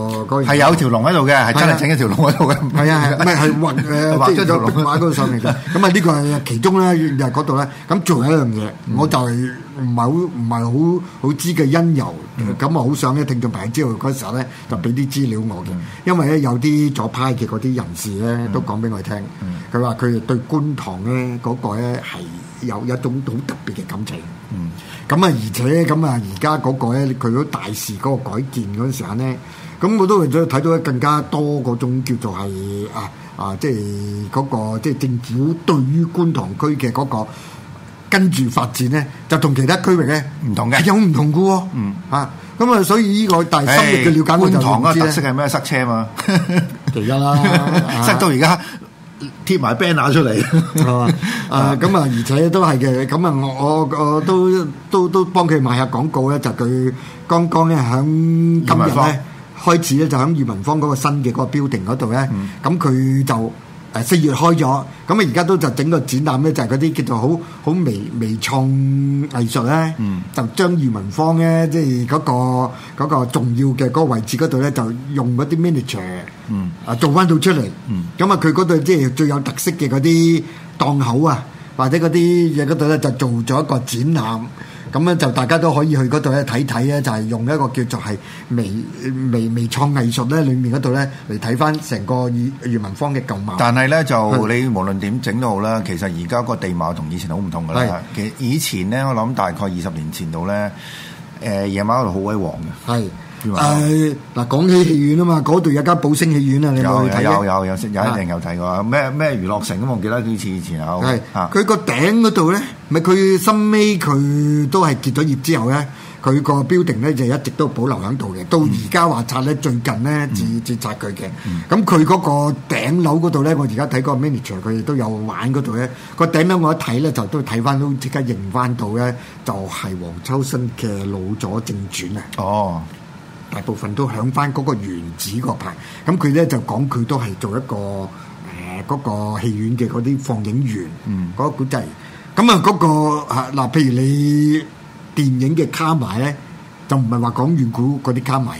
係有條龍喺度嘅，係真係整一條龍喺度嘅。係啊係，唔係係畫喺嗰度上面嘅。咁啊呢個係其中咧，又係嗰度咧。咁仲有一樣嘢，我就係唔係好唔係好好知嘅因由。咁啊好想呢，聽眾朋友嗰陣時候咧，就俾啲資料我嘅。因為咧有啲左派嘅嗰啲人士咧，都講俾我聽，佢話佢哋對觀塘咧嗰個咧係有一種好特別嘅感情。嗯。咁啊，而且咁啊，而家嗰個咧，佢嗰大市嗰個改建嗰陣時刻咧，咁我都咗睇到更加多嗰種叫做係啊啊，即係嗰個即係政府對於觀塘區嘅嗰個跟住發展咧，就同其他區域咧唔同嘅，有唔同嘅喎、哦。嗯，嚇，咁啊，所以呢個大分嘅了解就知、是、咧、欸。觀塘嘅特色係咩？ 塞車嘛， 其一啦， 塞到而家。貼埋 banner 出嚟，啊咁啊，而且都係嘅，咁啊，我我我、啊、都都都幫佢賣下廣告咧，就佢、是、剛剛咧響今日咧開始咧就響裕民坊嗰個新嘅嗰個 building 嗰度咧，咁佢、嗯、就。誒四月開咗，咁啊而家都就整個展覽咧，就係嗰啲叫做好好微微創藝術咧、嗯，就將裕民坊咧，即係嗰個重要嘅嗰個位置嗰度咧，就用嗰啲 miniature 啊做翻到出嚟，咁啊佢嗰度即係最有特色嘅嗰啲檔口啊，或者嗰啲嘢嗰度咧，就做咗一個展覽。咁咧就大家都可以去嗰度咧睇睇咧，就係、是、用一個叫做係微微微創藝術咧，裡面嗰度咧嚟睇翻成個裕裕民坊嘅舊貌。但係咧，就你無論點整都好啦，其實而家個地貌同以前好唔同㗎啦。是其實以前咧，我諗大概二十年前度咧，誒夜晚嗰度好威煌嘅。誒，嗱，講起戲院啊嘛，嗰度有間寶星戲院啊，你有冇去睇？有有有有有，一定有睇過。咩咩娛樂城咁啊？我記得好似以前有。係，佢個頂嗰度咧，咪佢收尾，佢都係結咗業之後咧，佢個 building 咧就一直都保留喺度嘅。到而家話拆咧，最近咧至至拆佢嘅。咁佢嗰個頂樓嗰度咧，我而家睇個 miniature，佢亦都有玩嗰度咧。個頂咧，我一睇咧就都睇翻，都即刻認翻到咧，就係黃秋生嘅老左正傳啊！哦。大部分都響翻嗰個原子個牌，咁佢咧就講佢都係做一個誒嗰個戲院嘅嗰啲放映員，嗰個古仔。咁啊嗰個啊，嗱，譬如你電影嘅卡埋咧，就唔係話講遠古嗰啲卡埋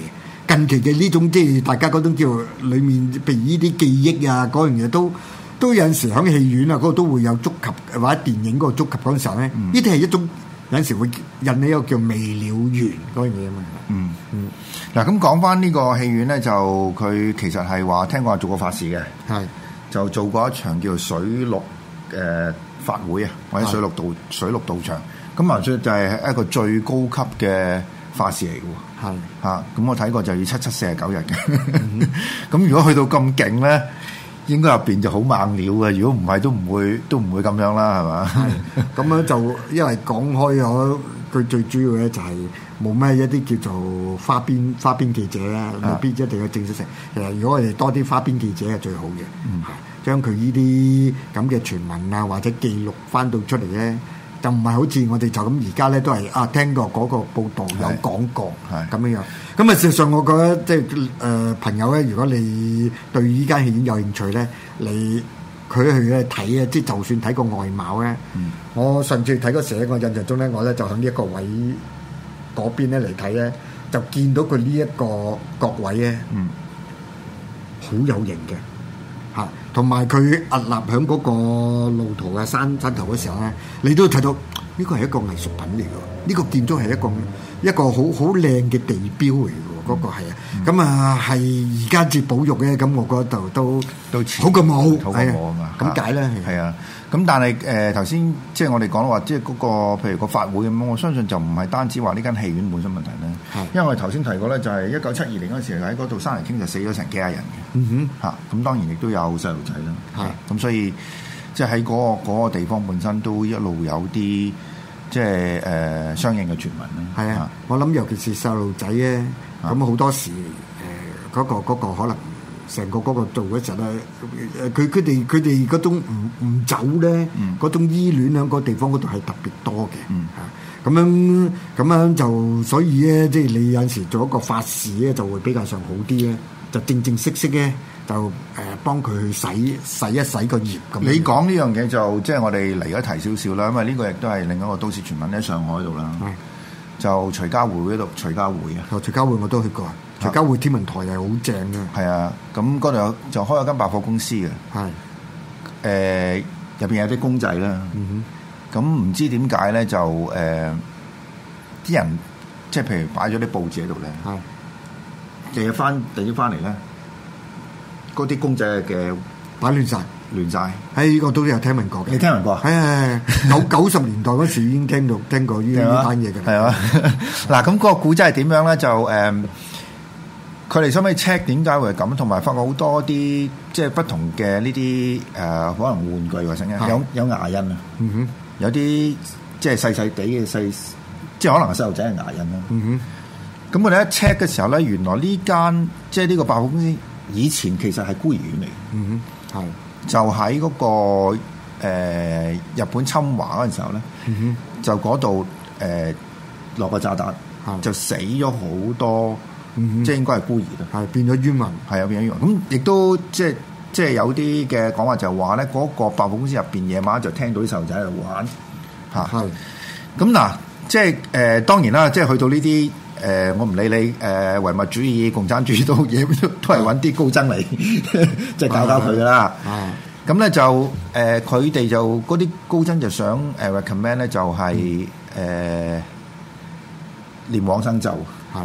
嘅，近期嘅呢種即係大家嗰種叫裡面譬如呢啲記憶啊嗰樣嘢都都有時喺戲院啊嗰度都會有觸及或者電影嗰個觸及嗰陣時候咧，呢啲係一種。有時會引起一個叫未了緣嗰樣嘢啊嘛。嗯嗯。嗱咁講翻呢個戲院咧，就佢其實係話聽講話做過法事嘅，係是就做過一場叫做水陸誒、呃、法會啊，或者水陸道是水陸道場。咁啊是，就係一個最高級嘅法事嚟嘅喎。係咁是、啊、我睇過就要七七四十九日嘅。咁、 嗯、哼如果去到咁勁咧？應該入邊就好猛料嘅，如果唔係都唔會都唔會咁樣啦，係嘛？係咁樣就因為講開咗，佢最主要咧就係冇咩一啲叫做花邊花邊記者，未必一定要正式成。其實如果我哋多啲花邊記者係最好嘅，嗯、將佢呢啲咁嘅傳聞啊或者記錄翻到出嚟咧，就唔係好似我哋就咁而家咧都係啊聽過嗰個報道有講過咁是樣。咁啊，事實上我覺得即係誒朋友咧，如果你對依間戲院有興趣咧，你佢去咧睇咧，即係就算睇個外貌咧，嗯、我上次睇個寫，我印象中咧，我咧就喺呢一個位嗰邊咧嚟睇咧，就見到佢呢一個角位咧，好、嗯、有型嘅嚇，同埋佢屹立喺嗰個路途嘅山山頭嘅時候咧，你都睇到。呢個係一個藝術品嚟嘅，呢個建築係一個一個好好靚嘅地標嚟嘅，嗰個係啊。咁啊，係而家住保育咧，咁我覺得都都好嘅冇，好嘅冇啊嘛。點解咧？係啊。咁但係誒，頭先即係我哋講話，即係嗰個譬如個法會咁，我相信就唔係單止話呢間戲院本身問題咧。因為我哋頭先提過咧，就係一九七二年嗰陣時喺嗰度山泥傾就死咗成幾廿人嘅。嗯哼。嚇咁當然亦都有細路仔啦。係。咁所以即係喺嗰個嗰個地方本身都一路有啲。即係誒、呃、相應嘅傳聞啦。係啊，我諗尤其是細路仔咧，咁好、啊、多時誒嗰、呃那個那個可能成個嗰個做嗰陣咧，誒佢佢哋佢哋嗰種唔唔走咧，嗰、嗯、種依戀響嗰個地方嗰度係特別多嘅。嗯，咁、啊、樣咁樣就所以咧，即、就、係、是、你有陣時做一個法事咧，就會比較上好啲咧，就正正式式咧。就誒幫佢去洗洗一洗個葉咁。你講呢樣嘢就即係、就是、我哋嚟咗提少少啦，因為呢個亦都係另一個都市傳聞喺上海度啦。是的 就徐家匯嗰度，徐家匯啊、哦，徐家匯我都去過，徐家匯天文台又係好正嘅。係啊，咁嗰度有就開咗間百貨公司嘅。係是的、呃，誒入邊有啲公仔啦、嗯哼 嗯。嗯咁唔知點解咧就誒啲、呃、人即係譬如擺咗啲報紙喺度咧，係，借翻直接翻嚟咧。嗰啲公仔嘅擺亂曬，亂曬。喺呢個都有聽聞過嘅。你聽聞過？喺九九十年代嗰時已經聽到聽過呢單嘢嘅。係啊。嗱，咁個古仔係點樣咧？就誒，佢哋想唔想 check 點解會係咁？同埋發覺好多啲即係不同嘅呢啲誒，可能玩具或者有有牙印啊。嗯哼。有啲即係細細哋嘅細，即係可能細路仔嘅牙印啊。嗯哼。咁我哋一 check 嘅時候咧，原來呢間即係呢個百貨公司，以前其實係孤兒院嚟嘅，係、mm hmm. 就喺嗰、那個、呃、日本侵華嗰陣時候咧，mm hmm. 就嗰度誒落個炸彈，mm hmm. 就死咗好多，即係應該係孤兒啦，係、mm hmm. 變咗冤魂，係、嗯、有變咗冤魂。咁亦都即係即係有啲嘅講話就話咧，嗰、那個百貨公司入邊夜晚就聽到啲細路仔喺度玩嚇，咁嗱、mm hmm. 啊，即係誒、呃、當然啦，即係去到呢啲。誒，我唔理你誒，唯物主義共產主義，都嘢都都係揾啲高僧嚟，即係搞搞佢㗎啦。咁咧就誒佢哋就嗰啲高僧就想誒 recommend 咧，就係誒念往生咒。係。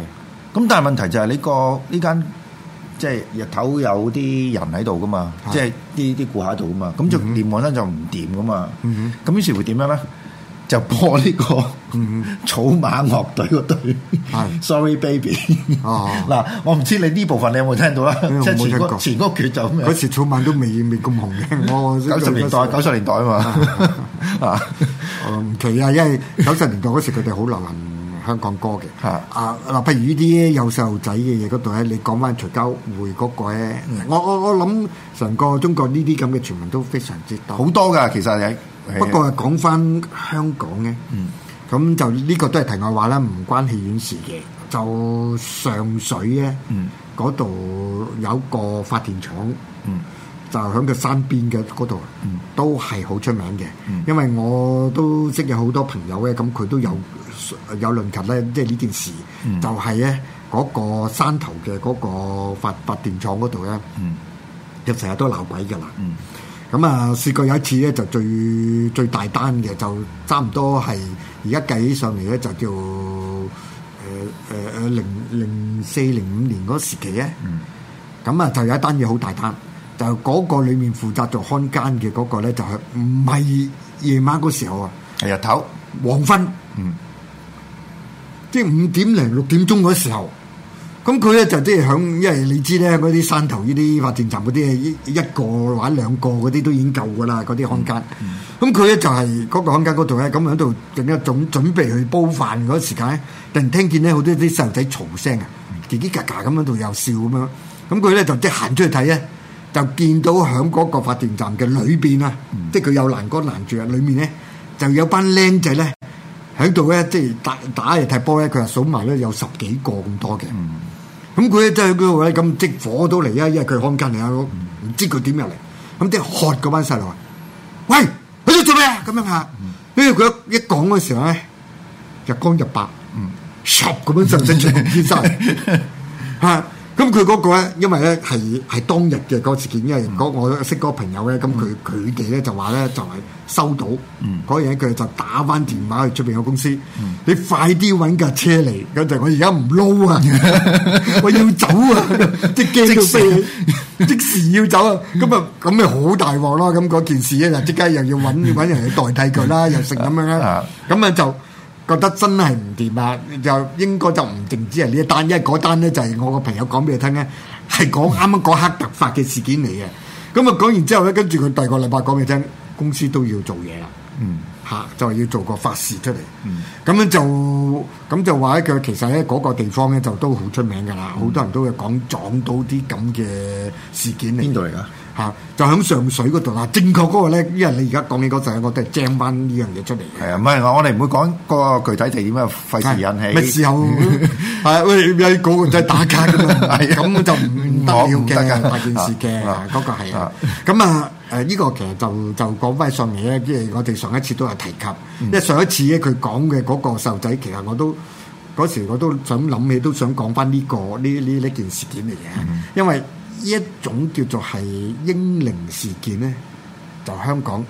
咁但係問題就係呢個呢間即係日頭有啲人喺度噶嘛，即係啲啲顧客喺度噶嘛，咁就念往生就唔掂噶嘛。咁於是會點樣咧？就播呢個草蜢樂隊個隊，Sorry Baby。嗱，我唔知你呢部分你有冇聽到啦。前嗰前嗰橛就嗰時草蜢都未未咁紅嘅。我九十年代九十年代啊嘛。唔奇啊，因為九十年代嗰時佢哋好流行香港歌嘅。啊嗱，譬如呢啲有細路仔嘅嘢嗰度咧，你講翻徐家匯嗰個咧，我我我諗成個中國呢啲咁嘅傳聞都非常之多，好多噶其實係。是不過係講翻香港咧，咁、嗯、就呢個都係題外話啦，唔關戲院事嘅。就上水咧，嗰度、嗯、有一個發電廠，嗯、就喺個山邊嘅嗰度，嗯、都係好出名嘅。嗯、因為我都識有好多朋友咧，咁佢都有有論及咧，即係呢件事，嗯、就係咧，嗰個山頭嘅嗰個發發電廠嗰度咧，就成日都鬧鬼噶啦。嗯咁啊，試過有一次咧，就最最大單嘅，就差唔多係而家計起上嚟咧，就叫誒誒誒零零四零五年嗰時期咧。咁啊、嗯，就有一單嘢好大單，就嗰個裡面負責做看更嘅嗰個咧，就係唔係夜晚嗰時候啊？係日頭，黃昏。嗯，即係五點零六點鐘嗰時候。咁佢咧就即係響，因為你知咧嗰啲山頭呢啲發電站嗰啲，一一個或者兩個嗰啲都已經夠噶啦，嗰啲空間。咁佢咧就係嗰個空間嗰度咧，咁喺度仲一種準備去煲飯嗰時間咧，突然聽見咧好多啲細路仔嘈聲啊，嘰嘰嘎嘎咁喺度又笑咁樣。咁佢咧就即係行出去睇咧，就見到響嗰個發電站嘅裏邊啊，即係佢有欄杆攔住啊，裏面咧就有班僆仔咧喺度咧，即係打打嚟踢波咧，佢數埋咧有十幾個咁多嘅。咁佢真係佢話咁即火都嚟啊！因為佢看筋你啊，唔知佢點入嚟。咁啲喝嗰班細路話，喂，佢做做咩 啊？咁樣啊！跟住佢一講嗰時候呢，日光日白，十就班神神豬先生咁佢嗰個咧，因為咧係係當日嘅嗰個事件，因為我我識嗰個朋友咧，咁佢佢哋咧就話咧就係收到，嗰樣佢就打返電話去出邊個公司，你快啲揾架車嚟，咁就我而家唔撈啊，我要走啊，即刻飛，即時要走啊，咁啊咁咪好大鑊咯，咁嗰件事咧就即刻又要揾揾人去代替佢啦，又成咁樣啦，咁啊就。覺得真係唔掂啊！就應該就唔淨止係呢一單，因為嗰單咧就係我個朋友講俾你聽咧，係講啱啱嗰刻突發嘅事件嚟嘅。咁啊講完之後咧，跟住佢第二個禮拜講俾你聽，公司都要做嘢啦。嗯，嚇、啊，就係要做個法事出嚟。嗯，咁樣就咁就話咧，佢其實咧嗰個地方咧就都好出名㗎啦，好、嗯、多人都會講撞到啲咁嘅事件嚟。邊度嚟㗎？嚇、啊！就喺上水嗰度嚇，正確嗰個咧，因為你而家講起嗰陣，我都係掙翻呢樣嘢出嚟嘅。係啊，唔係我我哋唔會講個具體地點啊，費事引起。咩時、啊、候？係、 啊、喂，嗰、嗰個仔打架㗎嘛，咁、 啊、就唔得得嘅大件事嘅嗰個係啊。咁啊誒，呢、啊嗰個啊呢個其實就就講翻上面咧，即係我哋上一次都有提及，因為上一次咧佢講嘅嗰個細路仔，其實我都嗰時我都想諗起，都想講翻呢個呢呢呢件事件嘅嘢，因為。呢一種叫做係英靈事件咧，就香港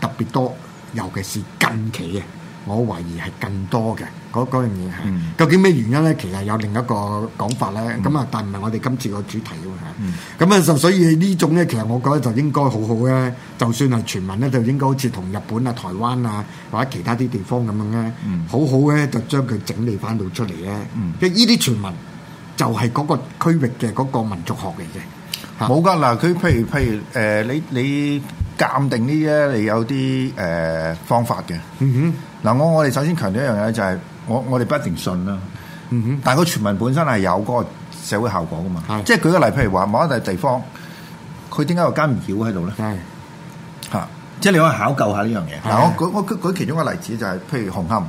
特別多，尤其是近期嘅，我懷疑係更多嘅嗰嗰樣嘢嚇。究竟咩原因咧？其實有另一個講法咧。咁啊，但唔係我哋今次個主題喎嚇。咁啊，就所所以呢種咧，其實我覺得就應該好好咧，就算係傳聞咧，就應該好似同日本啊、台灣啊或者其他啲地方咁樣咧，好好咧就將佢整理翻到出嚟咧。即係呢啲傳聞就係嗰個區域嘅嗰個民族學嚟嘅。冇噶嗱，佢譬如譬如誒、呃，你你鑑定呢啲咧，你有啲誒、呃、方法嘅。嗯、哼，嗱我我哋首先強調一樣嘢就係、是，我我哋不一定信啦。嗯、哼，但係個傳聞本身係有嗰個社會效果噶嘛。是即係舉個例，譬如話某一笪地方，佢點解有間唔曉喺度咧？係是，嚇是，即係你可以考究下呢樣嘢。嗱是，我舉我舉，我舉其中一個例子就係、是，譬如紅磡，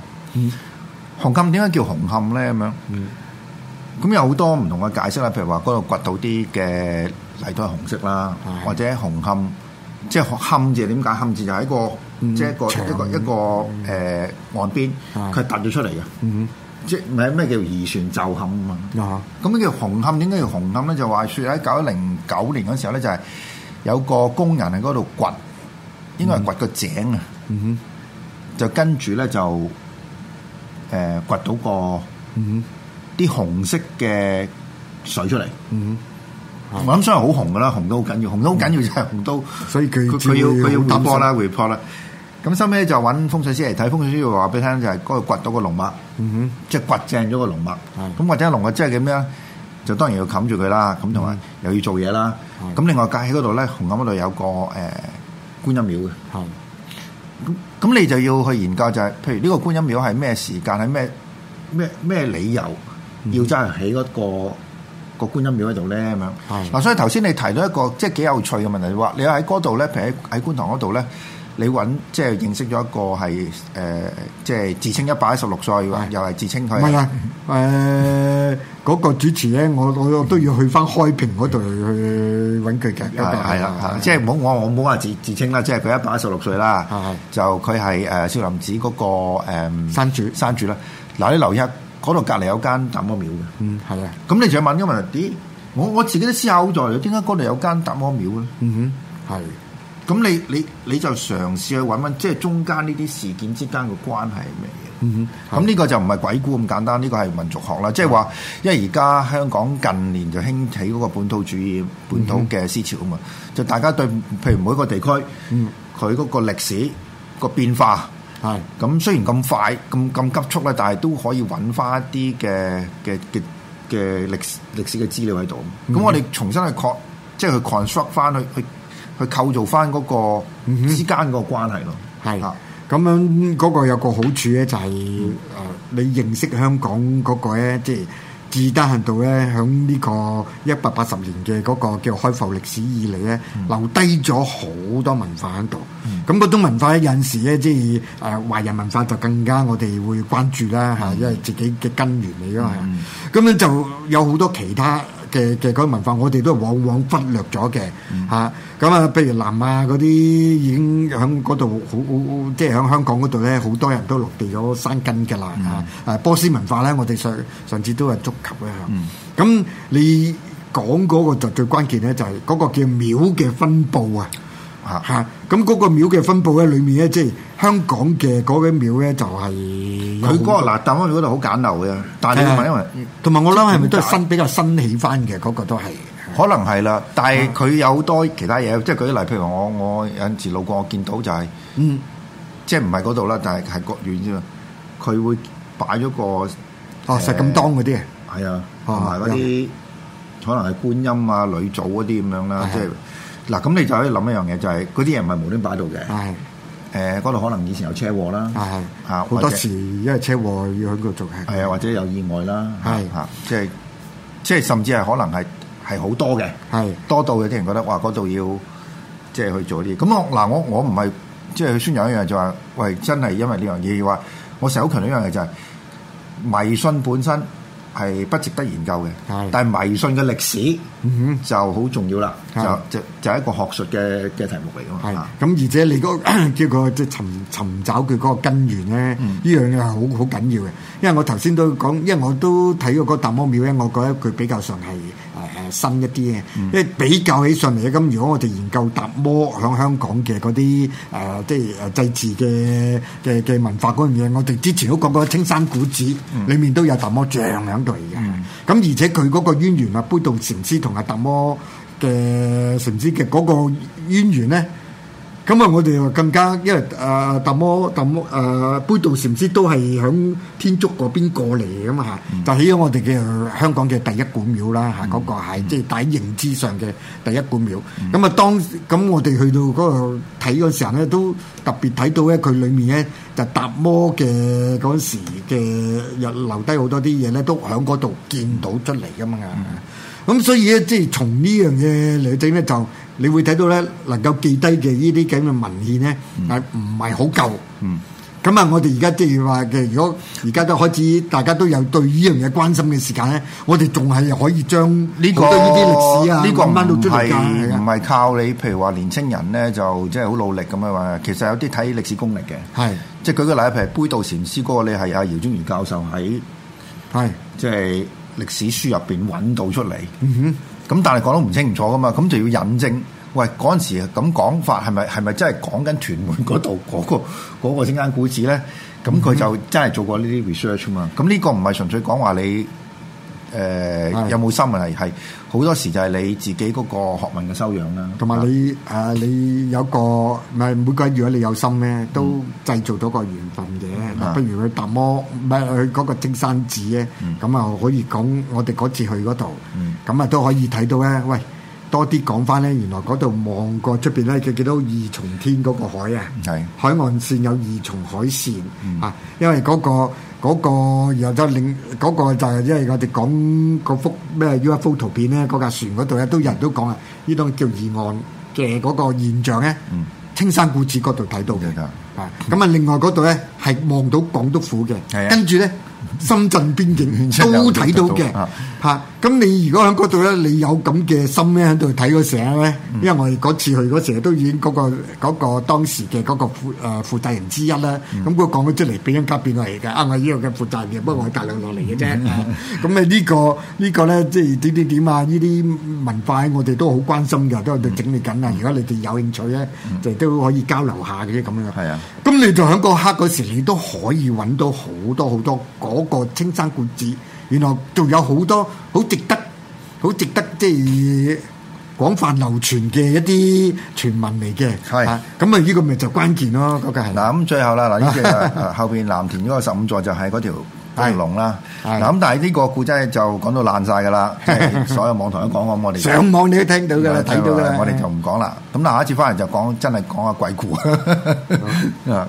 紅磡點解叫紅磡咧咁樣？嗯。咁有好多唔同嘅解釋啦，譬如話嗰度掘到啲嘅泥土係紅色啦，或者紅磡，即係磡字點解？磡字就係個，即係一個一個一個誒岸邊，佢凸咗出嚟嘅，即係咩叫移船就磡啊？咁樣，叫紅磡點解叫紅磡咧？就話説喺九零九年嗰時候咧，就係有個工人喺嗰度掘，應該係掘個井啊，就跟住咧就誒掘到個。啲紅色嘅水出嚟，嗯，我諗雖然好紅噶啦，紅都好緊要，紅都好緊要就係紅都，所以佢要佢要突破啦、回破啦。咁收尾就揾風水師嚟睇，風水師話俾你聽就係嗰個掘到個龍脈，即係掘正咗個龍脈。咁或者龍脈即係點樣？就當然要冚住佢啦。咁同埋又要做嘢啦。咁另外隔喺嗰度咧，紅磡嗰度有個誒觀音廟嘅。咁咁你就要去研究就係，譬如呢個觀音廟係咩時間，係咩咩咩理由？要真係喺嗰個個觀音廟喺度咧，咁樣嗱。所以頭先你提到一個即係幾有趣嘅問題，你話你喺嗰度咧，譬如喺喺觀塘嗰度咧，你揾即係認識咗一個係誒，即係自稱一百一十六歲，又係自稱佢唔係啊誒嗰個主持咧，我我都要去翻開平嗰度去揾佢嘅。係係啦，即係冇我我冇話自自稱啦，即係佢一百一十六歲啦。就佢係誒少林寺嗰個山主山主啦。嗱，你留意。嗰度隔離有間達摩廟嘅，嗯，係啊，咁你就要問嘅問題，啲我我自己都思考好在，點解嗰度有間達摩廟咧？嗯哼，係，咁你你你就嘗試去揾揾，即係中間呢啲事件之間嘅關係係咩嘢？嗯哼，咁呢個就唔係鬼故咁簡單，呢、這個係民族學啦，即係話，嗯、因為而家香港近年就興起嗰個本土主義、本土嘅思潮啊嘛，嗯、哼就大家對譬如每一個地區，佢嗰、嗯、個歷史個變化。係，咁雖然咁快咁咁急促咧，但係都可以揾翻一啲嘅嘅嘅嘅歷史歷史嘅資料喺度。咁、嗯哼我哋重新去確，即係去 construct 翻，去去去構造翻嗰個之間個關係咯。係啊、嗯，咁樣嗰個有個好處咧、就係，就係誒你認識香港嗰、嗰個咧，即係。自得行度咧，喺呢個一百八十年嘅嗰、嗰個叫開埠歷史以嚟咧，留低咗好多文化喺度。咁嗰、嗯、種文化有陣時咧，即係誒華人文化就更加我哋會關注啦，嚇，因為自己嘅根源嚟咯。咁樣、嗯、就有好多其他。嘅嘅嗰文化，我哋都往往忽略咗嘅嚇。咁、嗯、啊，譬如南亞嗰啲已經喺嗰度好即係喺香港嗰度咧，好多人都落地咗生根㗎啦嚇。誒、嗯啊、波斯文化咧，我哋上上次都係足球咧。咁你講嗰個就最關鍵咧，就係、是、嗰個叫廟嘅分佈啊。吓，咁嗰個廟嘅分佈咧，裏面咧，即係香港嘅嗰啲廟咧，就係佢嗰個嗱，大灣嗰度好簡陋嘅，但係唔係因為，同埋我諗係咪都係新比較新起翻嘅嗰個都係，可能係啦，但係佢有好多其他嘢，即係舉例，譬如我我有陣時路過我見到就係，嗯，即係唔係嗰度啦，但係係國院啫嘛，佢會擺咗個哦石敢當嗰啲，係啊，同埋嗰啲可能係觀音啊、女祖嗰啲咁樣啦，即係。嗱，咁你就可以諗一樣嘢，就係嗰啲嘢唔係無端端擺到嘅。係的，誒、呃，嗰度可能以前有車禍啦。係的，啊者，好多時因為車禍要喺度做嘅。係啊，或者有意外啦。係的，嚇，即係即係甚至係可能係係好多嘅。係的，多到有啲人覺得哇，嗰度要即係去做啲。咁我嗱，我我唔係即係去宣揚一樣就話、是，喂，真係因為呢樣嘢話，我成日好強調一樣嘢就係、是、迷信本身，係不值得研究嘅，是但係迷信嘅歷史就好重要啦，就就就係一個學術嘅嘅題目嚟㗎嘛。咁是是而且你嗰、那個、 叫佢即係尋尋找佢嗰個根源咧，呢、嗯、樣嘢係好好緊要嘅。因為我頭先都講，因為我都睇過嗰大媽廟咧，我覺得佢比較上係。誒新一啲嘅，因為比較起上嚟咧，咁如果我哋研究達摩響香港嘅嗰啲誒，即係誒祭祀嘅嘅嘅文化嗰樣嘢，我哋之前都講過青山古寺裏、嗯、面都有達摩像喺度嘅，咁、嗯、而且佢嗰個淵源啊，杯渡禪師同阿達摩嘅禪師嘅嗰個淵源咧。咁啊！我哋又更加，因為誒達摩、達摩誒杯渡禪師都係響天竺嗰邊過嚟嘅嘛，就起咗我哋嘅香港嘅第一古廟啦嚇，嗰個係即係大型之上嘅第一古廟。咁啊，當咁我哋去到嗰度睇嘅時候咧，都特別睇到咧佢裡面咧就達摩嘅嗰時嘅又留低好多啲嘢咧，都響嗰度見到出嚟噶嘛。咁所以咧，即係從呢樣嘢嚟整咧，就你會睇到咧，能夠記低嘅呢啲咁嘅文獻咧，係唔係好夠？嗯。咁啊，我哋而家即係話嘅，如果而家都開始，大家都有對呢樣嘢關心嘅時間咧，我哋仲係可以將呢個對呢啲歷史、啊、我 個唔係唔係靠你，譬如話年青人咧，就即係好努力咁啊嘛。其實有啲睇歷史功力嘅，係是即係舉個例，譬如杯渡禪師嗰個咧，係阿饒宗頤教授喺係即係。是就是歷史書入邊揾到出嚟，咁、嗯、哼但係講得唔清唔楚噶嘛，咁就要引證。喂，嗰陣時咁講法係咪係咪真係講緊屯門嗰度嗰個整、嗯哼嗰個之間、嗰個嗰個、故事咧？咁佢就真係做過呢啲 research 嘛。咁呢個唔係純粹講話你。誒、呃、是有冇心問題係好多時就係你自己嗰個學問嘅修養啦，同埋你誒、呃、你有個唔係每個人，如果你有心咧，都製造到個緣分嘅。嗱、嗯，不如去達摩唔係、呃、去嗰個青山寺咧，咁啊、嗯、可以講我哋嗰次去嗰度，咁啊都可以睇到咧。喂，多啲講翻咧，原來嗰度望過出邊咧，就見到二重天嗰個海啊？是海岸線有二重海線啊、嗯，因為嗰、那個。嗰、那個然後就，另嗰個就係即係我哋講嗰幅咩？UFO 圖片咧，嗰架船嗰度咧都有人都講啊，呢檔叫異案嘅嗰個現象咧，嗯、青山古寺嗰度睇到嘅啊。咁啊、嗯，嗯、另外嗰度咧係望到廣督府嘅，嗯、跟住咧。嗯嗯嗯嗯深圳邊境都睇到嘅嚇，咁、 嗯啊、你如果喺嗰度咧，你有咁嘅心咧喺度睇嗰時咧，因為我哋嗰次去嗰時候都已經嗰、那個嗰、那個當時嘅嗰個負誒、呃、責人之一咧，咁佢講咗出嚟，變緊家變落嚟嘅，啱、啊、我呢個嘅負責人嘅，不過我隔兩落嚟嘅啫。咁誒呢個呢個咧，即係點點點啊？呢啲文化我哋都好關心㗎，都喺度整理緊啊！如果你哋有興趣咧，就都可以交流下嘅咁樣。係啊、嗯，咁你就喺嗰刻嗰時，你都可以揾到好多好多。嗰個青山故址，原來仲有好多好值得、好值得即係廣泛流傳嘅一啲傳聞嚟嘅。係，咁啊呢個咪就關鍵咯，嗰個係。嗱咁最後啦，嗱呢個後邊藍田嗰個十五座就係嗰條玉龍啦。嗱咁但係呢個故仔就講到爛晒㗎啦，所有網台都講咁，我哋上網你都聽到㗎啦，睇到啦。我哋就唔講啦。咁嗱，下一次翻嚟就講真係講下鬼故啊。